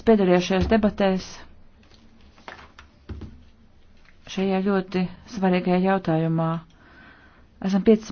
kas piedalījušies debatēs šajā ļoti svarīgajā jautājumā. Esam 5